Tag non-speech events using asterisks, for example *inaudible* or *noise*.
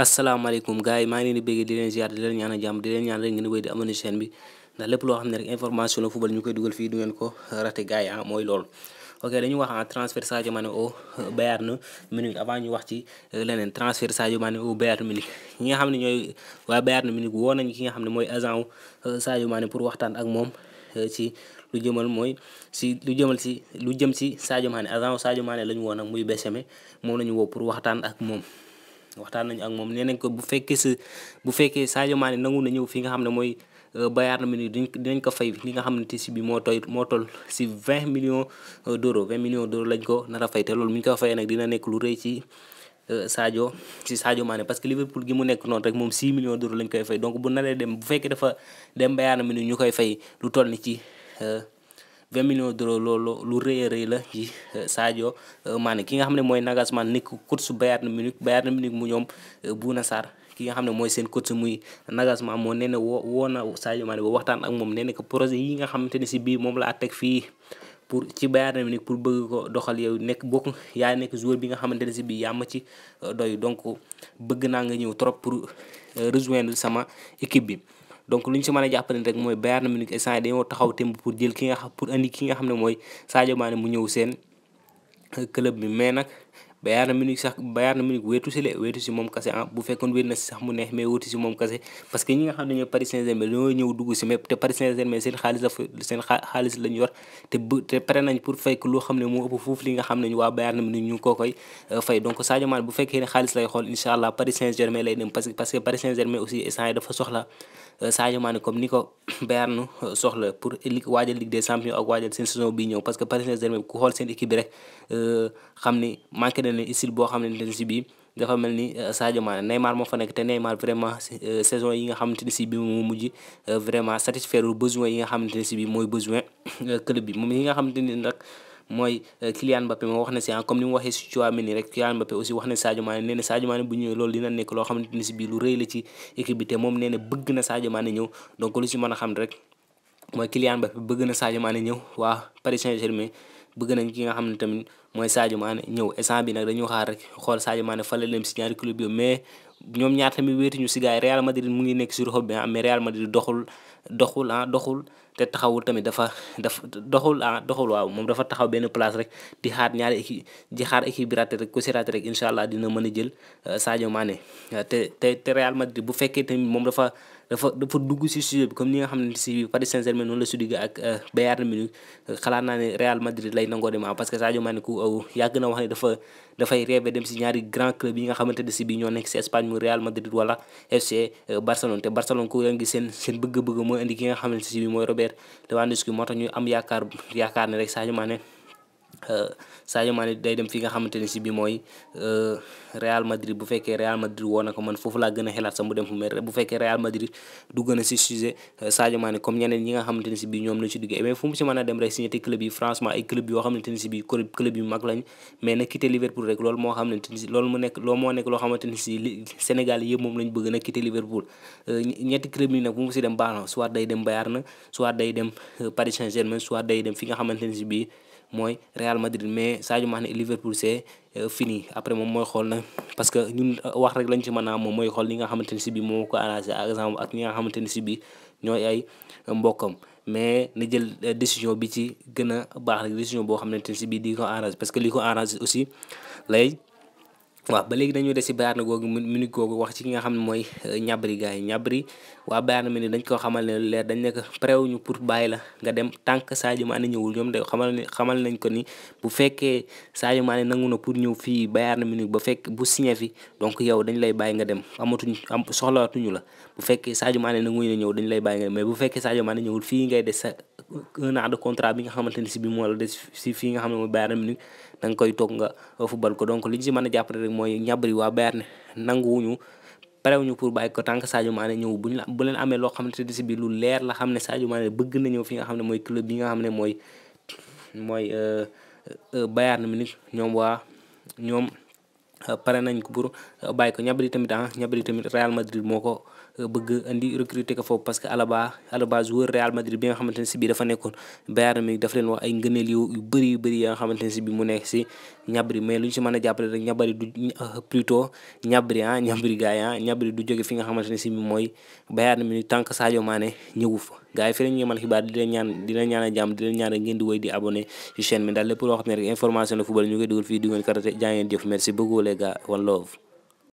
asalaamaaleykum gars yi maa ngi leen di bëgg di leen ziar di leen ñaanal jàmm rek ngeen wéy di abonné chaîne bi ndax lépp loo xam ne rek information la football ñu koy dugal fii du ngeen ko raté gars yi ah mooy loolu ok dañu wax ah transfert Sadio Mané au Bayern Munich avant ñu wax ci leneen transfert Sadio Mané au Bayern Munich ñi nga xam ne ñooy waa Bayern Munich woo nañ ki nga xam ne mooy agent wu euh, maane pour waxtaan ak moom euh, ci lu jëmal mooy si lu jëmal si lu jëm si Sadio maane agent wu maane lañu la ñu muy Bessémé moom la ñu woo pour waxtaan ak moom waxtaan nañu ak moom nee nañ ko bu fekkee sa bu fekkee Sadio Mané nangu na ñëw fi nga xam ne mooy euh, Bayern Munich dinañ ko fay li nga xamante si bi moo toy moo toll si vingt millions euh, d'euros vingt millions d'euros lañ ko nar a te loolu mi ñu ko fayee nag dina nekk lu rëy ci euh, Sadio si Sadio Mané parce que Liverpool gi mu nekk noonu rek moom 6 millions d'euros lañ koy fay donc bu naree dem bu fekkee dafa dem Bayern Munich ñu koy fay lu toll ni ci. 20 millions d'euros loolu lu rëy rëy la ci euh, Sadio euh, Mané ki nga xam ne mooy Nagelsmann nekk coach Bayern Munich Bayern Munich mu ñoom euh, Bouna Sarr ki nga xam ne mooy seen coach muy Nagelsmann moo nee na woo woo na Sadio Mané ba waxtaan ak moom nee na que projet yi nga xamante ne si bii moom laa teg fii pour ci Bayern Munich pour bëgg ko doxal yow nekk bokk yaa nekk joueur bi nga xamante ne si bii yaa ci doy donc bëgg naa nga ñëw trop pour rejoindre sama équipe bi. donc lu ñu si mën a jàpp ne rek mooy Bayern Munich instant yi dañoo taxaw temb pour jël ki nga xam pour andi ki nga ne mooy Sadio Mané mu ñëw seen euh, club mi mais nag Bayern Munich sax Bayern Munich weetu si le weetu si moom kase ah bu fekkoon wéet na si sax mu neex mais weetu si moom kase parce que ñi nga xam ne ñooy Paris Saint-Germain dañoo ñëw dugg si mais te Paris Saint-Germain seen xaalis la seen xaalis lañ parce que parce que euh, *clears throat* euh, parce que xool seen équipe rek euh, xam ni manqué na mel ni style boo xamante ne si bii dafa mel ni euh, Sadio Mané Neymar moo fa nekk te Neymar vraiment euh, saison yi nga xamante ne si euh, si bii mooy besoin club bi moom yi nga xamante ni nag na si ah comme ni mu waxee si Tchouaméni rek Kylian Mbappé na bii lu rëy la ci équipe te moom nee bëgg na Sadio Mané ñëw donc lu si mën a xam rek mooy Kylian Mbappé bëgg na Sadio Mané ñëw waa Paris Saint-Germain. bëgg nañ ki nga xam ne tamit mooy Sadio Mané ñëw instant bi nag dañu xaar rek xool Sadio Mané fa la dem si ñaari club yooyu mais ñoom ñaar tamit ñu si gars yi Real Madrid mu ngi nekk sur xob bi ah, mais Real Madrid doxul doxul ah doxul te taxawul tamit dafa daf doxul ah doxul waaw moom dafa taxaw benn place rek di xaar ñaari équipe di xaar équipe bi raté rek ku si rek incha allah dina mën a jël euh, Sadio Mané euh, te Real Madrid lay nangoo dem ah, parce que Sadio Mané ku euh, yàgg na wax ne dafa dafay rêvé dem si ñaari grand club yi nga xamante ne si bi ñoo nekk si Espagne mu Real Madrid wala FC Barcelone te Barcelone ku yaa seen seen bëgg-bëgg moo indi ki nga xam ne si bi mooy Robert leer Lewandowski moo tax ñu am yaakaar yaakaar ne rek ma Mané Euh, Sadio Mané day dem fi nga xamante ne si bi mooy euh, Real Madrid bu fekkee Real Madrid woo ko man foofu laa gën a xelaat sax mu dem fu euh, la ci duggee mais eh fu mu si dem rek na quitté Liverpool xamante ne si loolu mu nekk loolu moo nekk loo xamante ne si Sénégal yëpp moom lañ bëgg na quitté Liverpool ñetti club yi nag bu mu si dem baax na soit day dem Bayern soit day day dem fi nga xamante ne si bi mooy Real Madrid mais Sadio Mané Liverpool c'est euh, fini après moom mooy xool na parce que ñun euh, wax rek lañ ci mën a moom mooy xool li nga xamante ni si bi moom ko arrangé exemple ak ñi nga xamante ni si bi ñooy ay euh, mbokkam mais na jël décision bi ci gën a baax rek décision boo xamante ni si bi di ko arrangé parce que li ko arrangé aussi lay waaw ba léegi dañoo des si Bayern googu Munich googu wax ci ki nga xam ne mooy ñabri euh, gars yi ñabri waa Bayern Munich dañ ko xamal ne leer dañ nekk prêt ñu pour bàyyi la nga dem tànk Sadio Mané ñëwul ñoom de xamal ne xamal nañ ko ni bu fekkee Sadio Mané nangu na pour ñëw fii Bayern Munich ba fekk bu signé fi donc yow dañ lay bàyyi nga dem amatuñ am soxlawatuñu la bu fekkee Sadio Mané nanguñu lay bàyyi nga mais bu fekkee Sadio Mané ñëwul fii ngay des sa un bi nga xamante ni si bi moo la des si koy toog nga football ko donc li ñu si mën a jàppale rek mooy ñabri waa Bayern nanguwuñu parewuñu pour bàyyi ko tant que Sadio Mané ñëw buñ la bu leen amee loo xam xamante ni si bi lu leer la xam ne Sadio Mané bëgg na ñëw fi nga xam ne mooy club bi nga xam ne mooy mooy euh, euh, Bayern Munich ñoom waa ñoom Euh, pare nañ ko pour euh, ko ñabali tamit ah ñabali tamit Real Madrid moo ko euh, bëgg andi recruter ko foofu parce que Alaba Alaba Real Madrid bi nga xamante si bii dafa nekkoon Bayern mi a jàppale rek ñabari du plutôt ñabri ah ñabri ah, mi tant que Sadio Mané ñëwu fa yi fi lañ xibaar di ñaan a jàmm di leen ñaan a ngeen di woy di abonné ci chaîne mi daal lépp loo xam ne rek information de football ñu koy dugal fii di ngeen karate jaa ngeen jëf merci beaucoup Sega, one love.